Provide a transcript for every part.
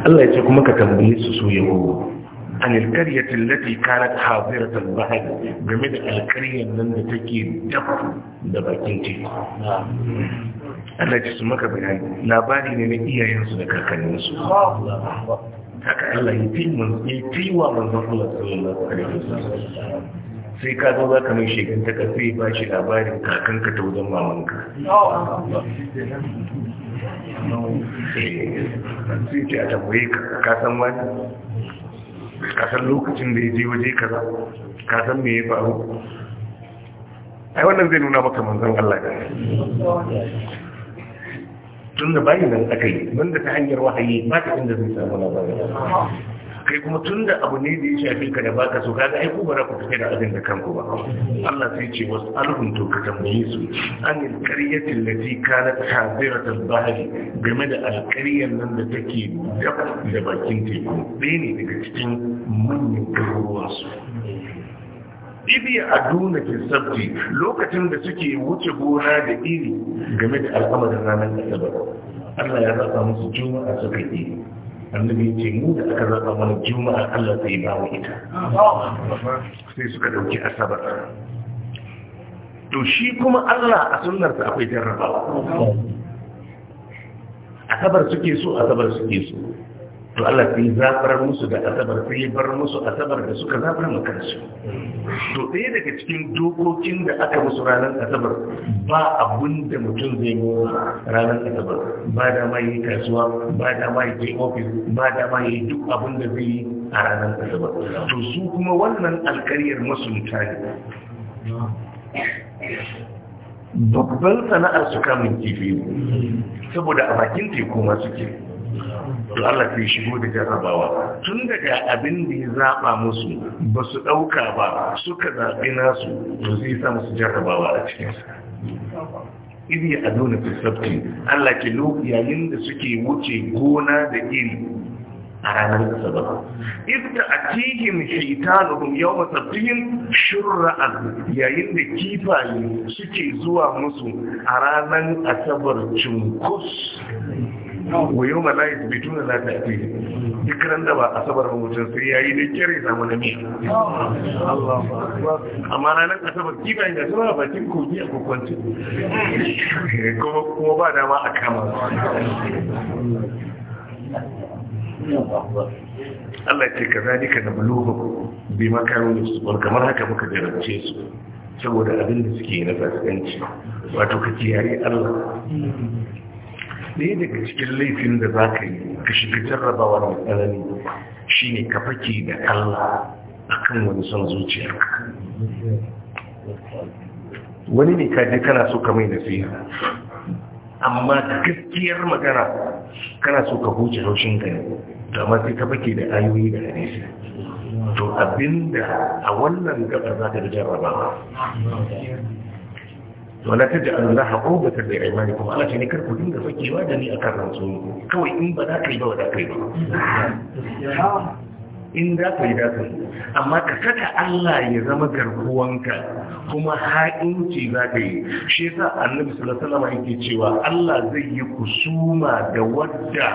Allah ya ce kuma ka tambaye su su yawo an alkaryatin lati kanat haziratul bahr game da alkaryan nan da take daf da bakin teku Allah ya ce su maka bayani labari ne na iyayensu da kakanninsu haka Allah ya fi mun ya fi wa manzon Allah sallallahu alaihi wasallam sai ka zo za ka mai shekin ta sai ba shi labarin kakanka ta wajen mamanka sai ce a tambaye kasan wani Kasan lokacin da ya je waje kaza Kasan san me ya faru ai wannan zai nuna maka manzon Allah ne tun da nan aka yi wanda ta hanyar wahayi ba ta inda zai samu labarin kai kuma tun da abu ne da ya shafi ka da baka so kaga ai ku bara ku tafi da abin da kanku ba Allah sai ce wasu alhum to ka tambaye su anil qaryati allati kanat hadirat al-bahr game da alƙaryar nan da take dab da bakin teku ɗaya ne daga cikin manyan garuruwan su idi a duna fi sabti lokacin da suke wuce gona da iri game da al'amarin ranar asabar Allah ya rasa musu juma'a suka iri annabi ce mu da aka zaba mana juma'a Allah zai ba mu ita sai suka dauki asabar to shi kuma Allah a sunnarsa akwai jarrabawa asabar suke so asabar suke so to Allah sai zafar musu da asabar sai bar musu asabar da suka zafar makarsu to ɗaya daga cikin dokokin da aka musu ranar asabar ba abun da mutum zai yi ranar asabar ba da ma yi kasuwa ba da ma yi ofis ba da ma yi duk abun da zai yi a ranar asabar to su kuma wannan alkaryar masunta mutane babban sana'ar su kamun kifi saboda a bakin teku masu kifi to Allah ya shigo da jarrabawa tun daga abin da ya zaba musu ba su dauka ba suka zabi nasu to zai sa musu jarrabawa a cikin sa idi ya aduna fi sabti Allah ke lo yayin da suke wuce gona da iri a ranar asabar idda atihim shaitanuhum yawma shirra a yayin da kifaye suke zuwa musu a ranar asabar cunkus wa yau ma layi bai tuna za ta fi duk ran da ba asabar mutum sai ya yi da kere samu na miya amma ranar asabar kifayen da suna bakin kogi a kwakwanci kuma ba dama a kama Allah ce ka ka da bulubu bi makarin su kamar haka muka jarabce su saboda abin da suke na fasikanci wato ka kiyaye Allah Daya daga cikin laifin da za ka yi ka shiga jarrabawa mai tsanani shi ne ka fake da Allah a kan wani son zuciyarka wani ne kaji kana so ka mai nasiha amma gaskiyar magana kana so ka huce haushin ka da mafi ka fake da ayoyi da hadisi to abinda a wannan gaba za ka jarrabawa wala ta ji alula haƙo ba ta da imani kuma ana ce ne karku dinga fakewa da ni a kan rantsu kawai in ba za ka yi ba za ka yi ba in za ka yi za ka yi amma ka saka Allah ya zama garkuwanka kuma ha'inci za ka yi shi yasa annabi sallallahu alaihi wasallam yake cewa Allah zai yi kusuma da wadda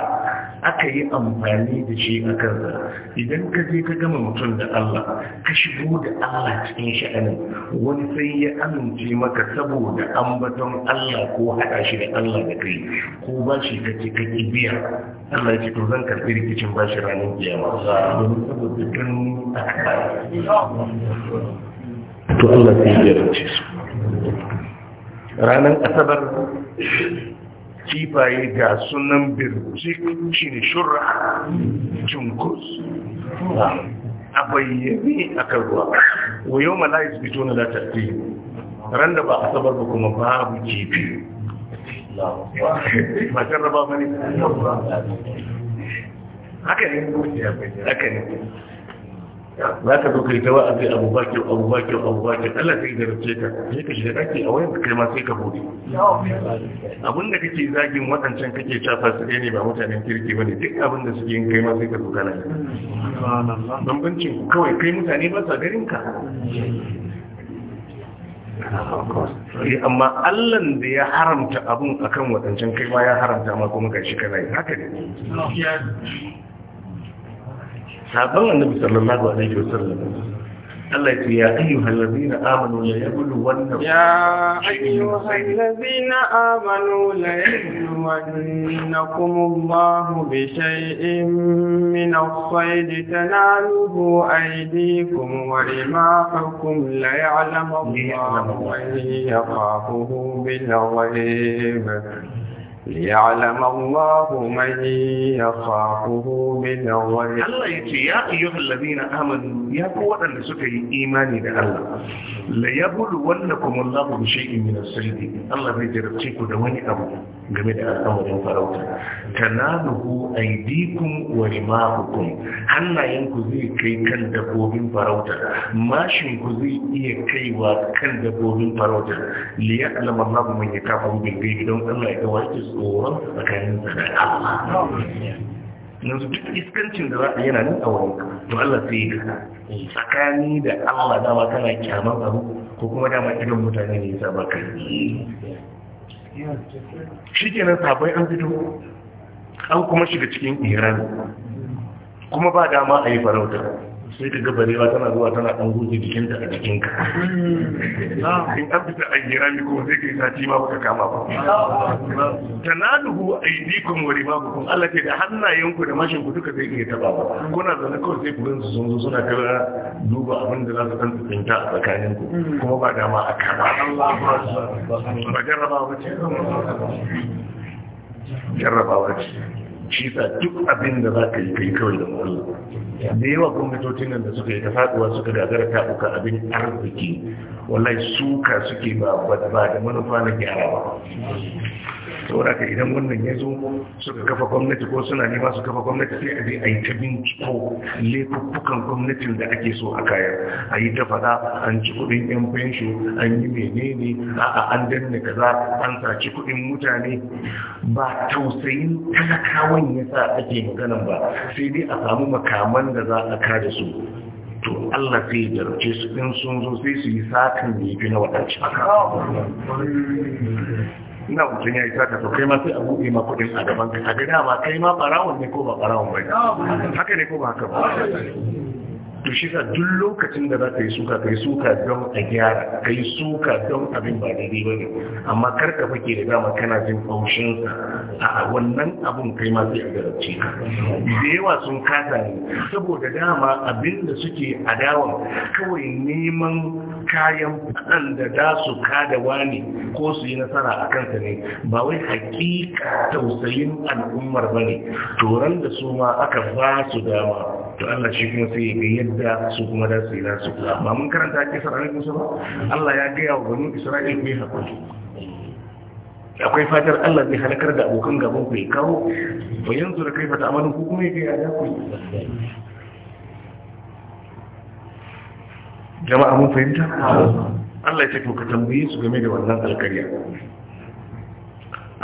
aka yi amfani da shi a kansa idan ka je ka gama mutum da Allah ka shigo da Allah cikin sha'anin wani sai ya amince maka saboda ambaton Allah ko haɗa shi da Allah da kai ko ba shi ka ce ka ki biya Allah ya ce to zan karɓi rikicin ba shi ranar kiyama domin saboda kan to Allah sai yi rince su ranar asabar kifaye ga sunan birjik shi ne shura junkus a bayyane a karuwa wa yau mala'is bito na latarfi ran da ba a sabar ba kuma babu kifi matan raba mani haka ne haka ne za ka zo kai ta a abu ba kyau abu kyau abu kyau Allah sai da race ka sai ka shiga kake a wayar kai ma sai ka bude abin da kake zagin waɗancan kake cafa su ne ba mutanen kirki bane duk abin da suke yin kai ma sai ka dogana bambancin kawai kai mutane ba sa garin ka eh, amma allan da ya haramta abun akan waɗancan kai ma ya haramta ma kuma shi kana yi haka ne sabon annabi sallallahu alaihi wasallam Allah ya ce ya ayyuhal ladina amanu la yablu wannan ya ayyuhal ladina amanu la yablu wannakum Allahu bi shay'in min as-sayd tanaluhu aydikum wa rimahukum la ya'lamu Allahu wa yakhafuhu bil ghaib Liyalin al'umma ya faɗo min waya. Allah ya ce ya fi Yohana Zina Ahmad ya fi waɗanda suka yi imani da Allah. Layyabulu, wannan kuma na ƙunshi inda na Allah ya jarabci ku da wani abu game da harsawa farauta. Kana nuhu ai dikun walima a zai kai kan dabbobin farauta. ku zai iya kaiwa kan dabobin farauta. Liyalin al'umma ya kafa min bai da don amma aiki a wani tsoron tsakanin da Allah yanzu duk iskancin da za a yana nan a wurin to Allah sai ya kasa tsakani da Allah dama tana kyaman abu ko kuma dama irin mutane ne ya baka shi ke nan sabai an fito an kuma shiga cikin iran kuma ba dama a yi farauta sai ka ba tana zuwa tana ɗan huji jikinta a jikinka in an fita a gira mi kuma sai ka yi sati ma baka kama ba tanaduhu aidikum wa rimabukum Allah ke da hannayenku da mashin mashinku duka zai iya taba ba kuna da na kawai sai ku su sun zo suna kira duba abin da za su san tsinta a tsakanin ku mm. kuma ba dama a kama ba jarrabawa jarrabawa ce shi duk abin da za ka yi kai kawai da Allah da yawa gwamnatocin nan da suka yi ta faduwa suka gagara tabuka abin arziki wallahi suka suke ba da manufa na gyara ba saboda ka idan wannan ya zo suka kafa gwamnati ko suna nema su kafa gwamnati sai a je a yi ta binciko laifukan gwamnatin da ake so a kayan a yi ta fada an ci kuɗin yan fensho an yi menene a'a an danne kaza an saci kuɗin mutane ba tausayin talakawan ya sa ake maganan ba sai dai a samu makaman da za a kada su to Allah zai jarce su in sun zo sai su yi sakan da ya fi na waɗancan ina mutum ya yi sata to kai ma sai a buɗe ma kuɗin a gaban kai a ga dama kai ma farawon ne ko ba farawon bai? haka ne ko ba haka ba to shi ka duk lokacin da za ka yi suka ka yi suka don a gyara ka yi suka don abin ba daidai ba ne amma kar ka fake da dama kana jin faushin a wannan abun kai ma sai a garabci ka da yawa sun kasa ne saboda dama abinda suke adawa kawai neman kayan fadan da za su kada wani ko su yi nasara a kansa ne ba wai hakika tausayin al'ummar ba ne turan da su ma aka ba su dama to Allah shi kuma sai ga yadda su kuma da su yi nasu ba mun karanta kisar su ba Allah ya gaya wa banu Isra'il ku hakuri akwai fatar Allah zai halakar da abokan gaban ku ya kawo ba yanzu da kai fata amalin ku ya kai ya ku jama'a mun fahimta Allah ya ce to ka tambaye su game da wannan alƙarya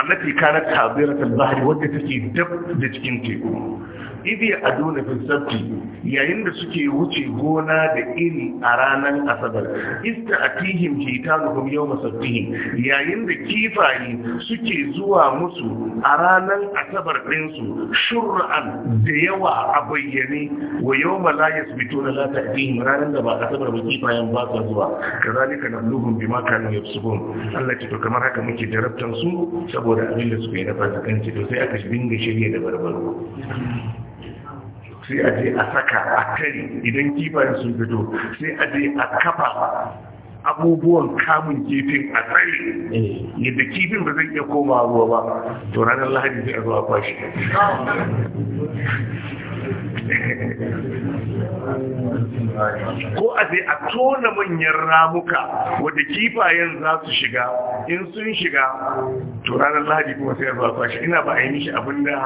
allati kanat habiratul bahri wadda take dab da cikin teku idi aduna fi sabti yayin da suke wuce gona da iri a ranar asabar ista atihim hitanuhum yawma sabtihim yayin da kifaye suke zuwa musu a ranar asabar ɗinsu shur'an da yawa a bayyane wa yawma la yasbituna la ta'tihim ranar da ba asabar ba kifayen ba sa zuwa kazalika nabluhum bima kanu yafsukun Allah ki to kamar haka muke jarabtan su saboda saboda abin da suka yi da fasikanci to sai aka dinga shirya da barbaro sai a je a saka a kari idan kifa sun fito sai a je a kafa abubuwan kamun kifin a tsari yadda kifin ba zai iya koma ruwa ba to ranar lahadi sai a zuwa kwashe. ko a sai a tona manyan ramuka wadda kifayen za su shiga in sun shiga to ranar lahadi kuma sai zuwa kwashi ina ba a yi mishi abin da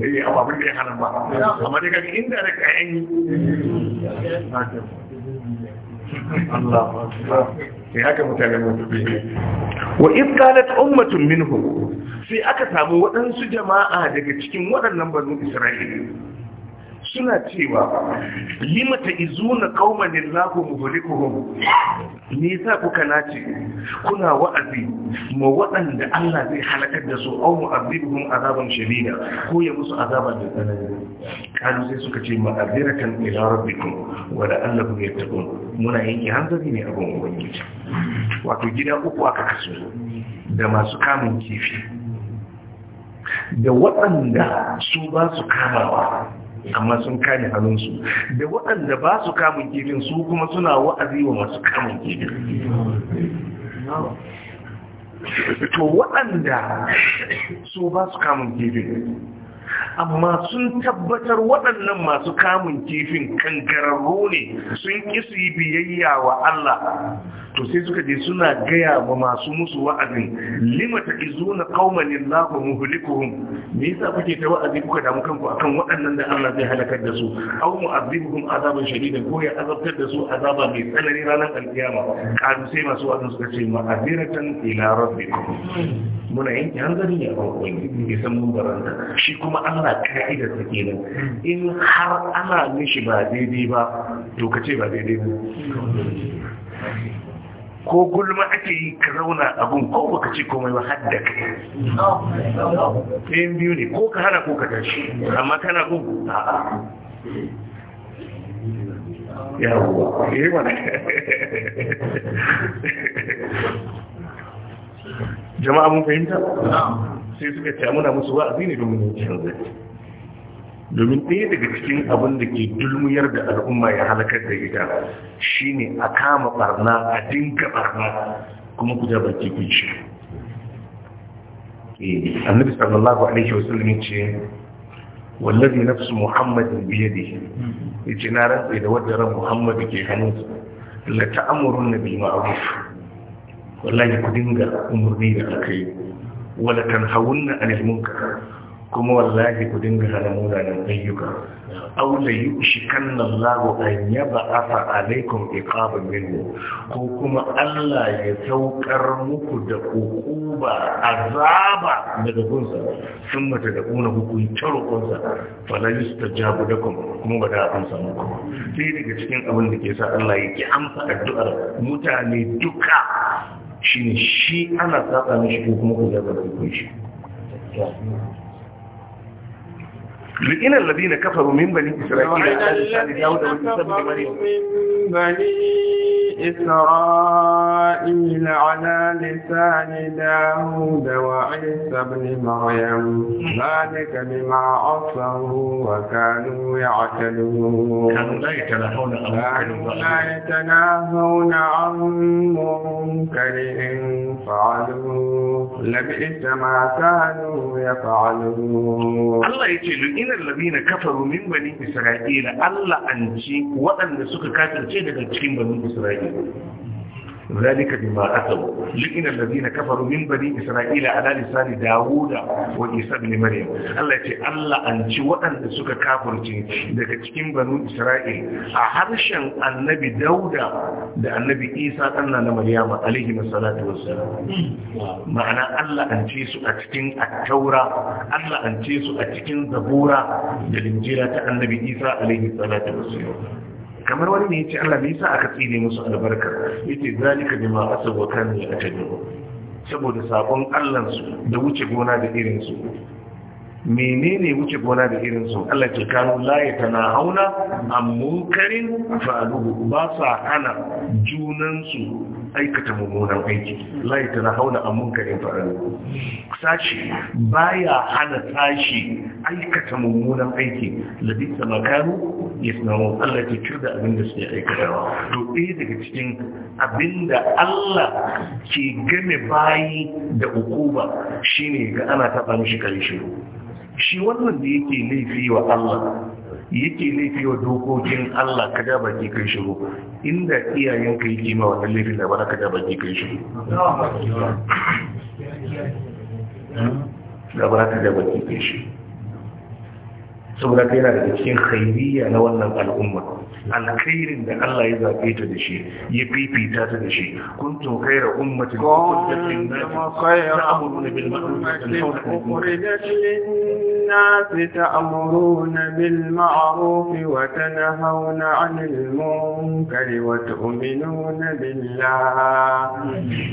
eh, ya hana ba amma daga inda da kayan Allah sai haka mutane mutu biyu wa iskalat ummatun minhum sai aka samu waɗansu jama'a daga cikin waɗannan banu isra'ila suna cewa lima ta izuna kaumanin lahu ne me ku kuka nace kuna wa'azi ma waɗanda Allah zai halakar da su aw mu'azibuhum azaban shari'a ko ya musu azaba da tsanani Ƙalu sai suka ce ma'aziratan ila rabbikum Allah ya yattaqun muna yin hanzari ne abin ubangiji wato gida uku aka kasu da masu kamun kifi da waɗanda su ba su kamawa amma sun kame hannunsu da waɗanda ba su kamun kifin su kuma suna wa'azi wa masu kamun kifin to waɗanda su ba su kamun kifin amma sun tabbatar waɗannan masu kamun kifin kankararro ne sun ƙi su yi biyayya wa Allah to sai suka je suna gaya ma masu musu wa'azin lima ta izo na kaumanin lafa muhulikuhun me yasa kuke ta wa'azi kuka damu kanku akan waɗannan da Allah zai halakar da su aw mu'azibuhum azaban shadidan ko ya azabtar da su azaba mai tsanani ranar alkiyama kalu sai masu wa'azin suka ce ma'aziratan ila rabbikum muna yanke hanzari ne a farkon ya san mun baranta shi kuma Allah ka'idar ta kenan in har ana mishi ba daidai ba to ka ce ba daidai ba ko gulma ake yi ka zauna gun, ko baka ce komai ba hadda ka yi biyu ne ko ka hana ko ka tashi amma kana gun a'a yawwa yi eh mana jama'a mun fahimta sai suka ce muna musu wa'azi ne domin shan zai domin ɗaya daga cikin abin da ke dulmuyar da al'umma ya halakar da ita ne a kama barna a dinga barna kuma ku jaba ke kun shi eh, annabi sallallahu alaihi wasallam ya ce wallazi nafsu muhammadin biyadihi ya ce na rantsa da wadda ran muhammad ke hannunsa la ta'amurun nabi ma'ruf wallahi ku dinga umurni da yi wala tanhawunna anil munkar kuma wallahi ku dinga hana munanan ayyuka aw la yushikanna Allahu an yab'atha alaykum iqaban minhu ko kuma Allah ya saukar muku da ukuba azaba daga gunsa sun mata da kuna hukun taro gunsa fala yustajabu lakum kuma ba da amsa muku sai daga cikin abin da ke sa Allah ya ki amsa addu'ar mutane duka shine shi ana saba mishi ko kuma ku zaba ku shi لئن الذين كفروا من بني إسرائيل على لسان داود ومن بني إسرائيل على لسان داود وعيسى بن مريم ذلك بما عصوا وكانوا يعتدون كانوا لا يتناهون عن منكر فعلوه لبئس ما كانوا يفعلون الله يقول إن الذين كفروا من بني إسرائيل الله أنجي وأن سككات تجد cikin banu Isra'ila كاذبون ذلك بما أتوا لئن الذين كفروا من بني إسرائيل على لسان داوود وإيسى بن مريم الله يتي الله أنت وأن سك كافر تي دك تكين بنو إسرائيل أحرشا النبي داوود دا النبي إيسى أن مريم عليه الصلاة والسلام معنى الله أنت سو أتكين التوراة الله أنت سو أتكين زبورة للإنجيل النبي إيسى عليه الصلاة والسلام kamar wani ne yace Allah bai sa aka tsine musu albarka yace zalika bima asabu kan ya tajabu saboda sakon Allah su da wuce gona da irin su menene wuce gona da irin su Allah ke kanu la ya hauna? an munkarin fa'aluhu ba sa hana junan su aikata mummunan aiki lai ta hauna a munkarin faru sashi baya hana tashi aikata mummunan aiki labin makaru ya sinamu allah ta cur da abin da suke aikatawa to ɗaya daga cikin abinda allah ke game bayi da hukuma shine ga ana taɓa mishi ƙarshe shi wannan da yake laifi wa allah yake laifi wa dokokin Allah ka da baki kai shigo inda iyayenka yake ma wannan laifin da baka ka da baki kai shigo hmm? da baka ka da baki kai shigo saboda kai yana da cikin khairiyya na wannan al'umma alkhairin da Allah ya zabe ta da shi ya fifita ta da shi kuntum khayra ummatin ukhrijat lin-nas ta'muruna bil ma'ruf wa tanhauna 'anil munkar wa tanhauna 'anil munkar billah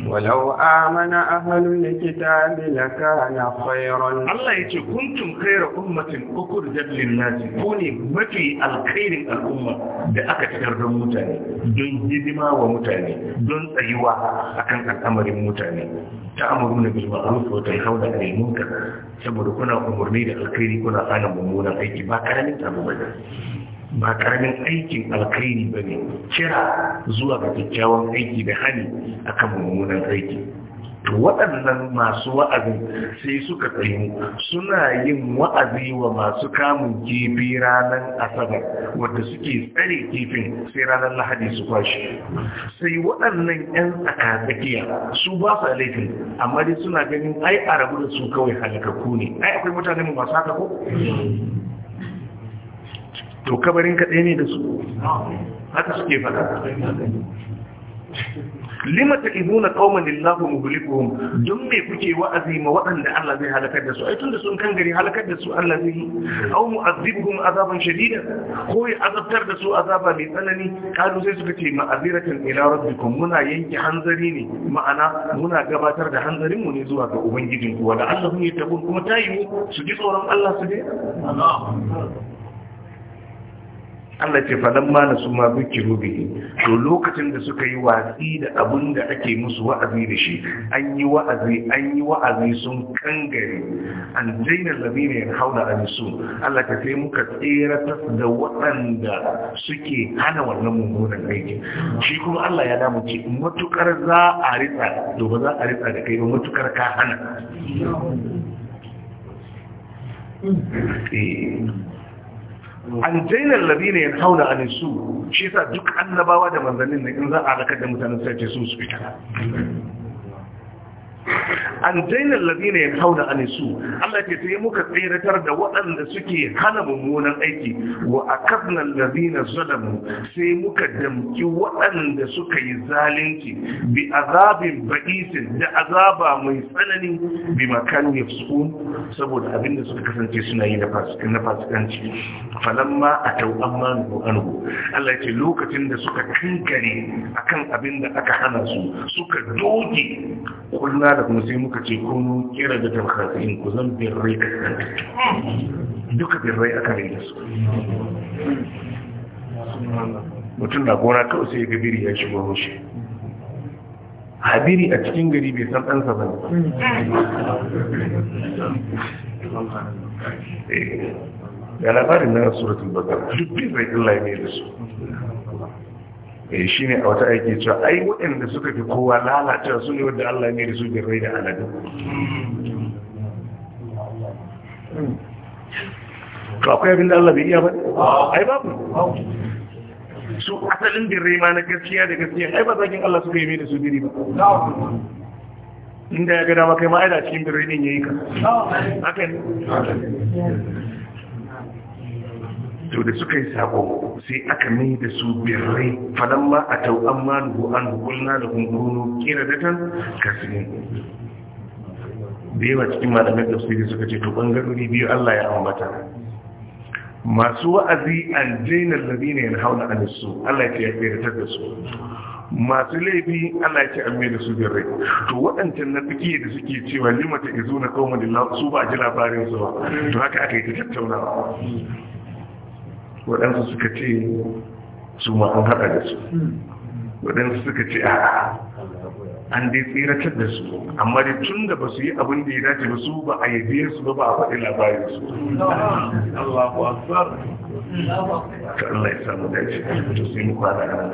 walau amana ahlul kitabi lakana khayran Allah ummatin mafi alkhairin al'umma da aka fitar don mutane don hidima wa mutane don tsayuwa a kan al'amarin mutane ta amuru na bil ma'ruf wa tanhauna 'anil munkar saboda kuna umurni da alkhairi kuna hana mummunan aiki ba karamin abu ba ba karamin aikin alkhairi bane kira zuwa ga kyakkyawan aiki da hani akan mummunan aiki to waɗannan masu wa'azin sai suka tsaye suna yin wa'azi wa masu kamun kifi ranar asabar wadda suke tsare kifin sai ranar lahadi su kwashi sai waɗannan 'yan tsakatsakiya su ba su laifin amma dai suna ganin ai a rabu da su kawai halakakku ne ai akwai mutane mu masu haka ko to kabarin kaɗai ne da su haka suke faɗa limata ibuna qauman lillahu muhlikuhum don me kuke wa'azi ma waɗanda Allah zai halakar da su ai tunda sun kan gari halakar da su Allah zai au mu'azzibuhum azaban shadida ko ya azabtar da su azaba mai tsanani kalu sai suka ce ma'aziratan ila rabbikum muna yanke hanzari ne ma'ana muna gabatar da hanzarin mu ne zuwa ga ku. wala Allah ne tabun kuma tayi su ji tsoron Allah su ne Allah ce faɗan ma na su ma bukiru bihi to lokacin da suka yi watsi da abin da ake musu wa'azi da shi an yi wa'azi an yi wa'azi sun kangare an jaina labina ya hauna an su Allah ka sai muka tsera ta da waɗanda suke hana wannan mummunan aiki shi kuma Allah ya damu ce matukar za a ritsa to ba za a ritsa da kai ba matukar ka hana eh. an jainar labina yin hauna a nisu shi sa duk annabawa da manzannin na in za a halakar da mutanen sai ce su su fita an daina ladina ya kauna an su Allah ke sai muka tseratar da waɗanda suke hana mummunan aiki wa akadna ladina zalamu sai muka damki waɗanda suka yi zalunci bi azabin ba'isin da azaba mai tsanani bi makan yafsun saboda abin da suka kasance suna yi na fasikanci falamma atau amma anhu Allah ce lokacin da suka kankare akan abin da aka hana su suka doge kullana da kuma sai muka ce mun kira da tarhasin ku zan rai a kan duka bin rai a kan su mutum na gona kawo sai ga biri ya shigo rushe habiri a cikin gari bai san ɗansa ba ne da eh, labarin na suratul bakar duk birrai Allah ya mai da su eh ne a wata aiki cewa ai waɗanda suka fi kowa lalata su ne wanda Allah ne da su bin rai da aladu to akwai abin da Allah bai iya ba ai babu su asalin bin rai ma na gaskiya da gaskiya ai ba zakin Allah suka yi mai da su biri ba inda ya gada maka yi ma da cikin bin rai yi ka haka ne to da suka yi sako sai aka mai da su birrai ma a tau an nuhu an hukulna da hunkuno kira da tan kasirin da yawa cikin malamai da su suka ce to bangarori biyu allah ya ambata masu wa'azi an daina ne yana hauna a su allah ya ce ya tseratar da su masu laifi Allah ya ce an da su birrai to waɗancan na fiki da suke cewa limata izo na kawo su ba ji labarin su ba to haka aka yi ta tattaunawa waɗansu suka ce su ma an haɗa da su waɗansu suka ce a an dai tsiratar da su amma da tun da ba su yi abin da ya dace ba su ba a yabe su ba ba a faɗi labarin su Allah ya samu dace to sai mu kwana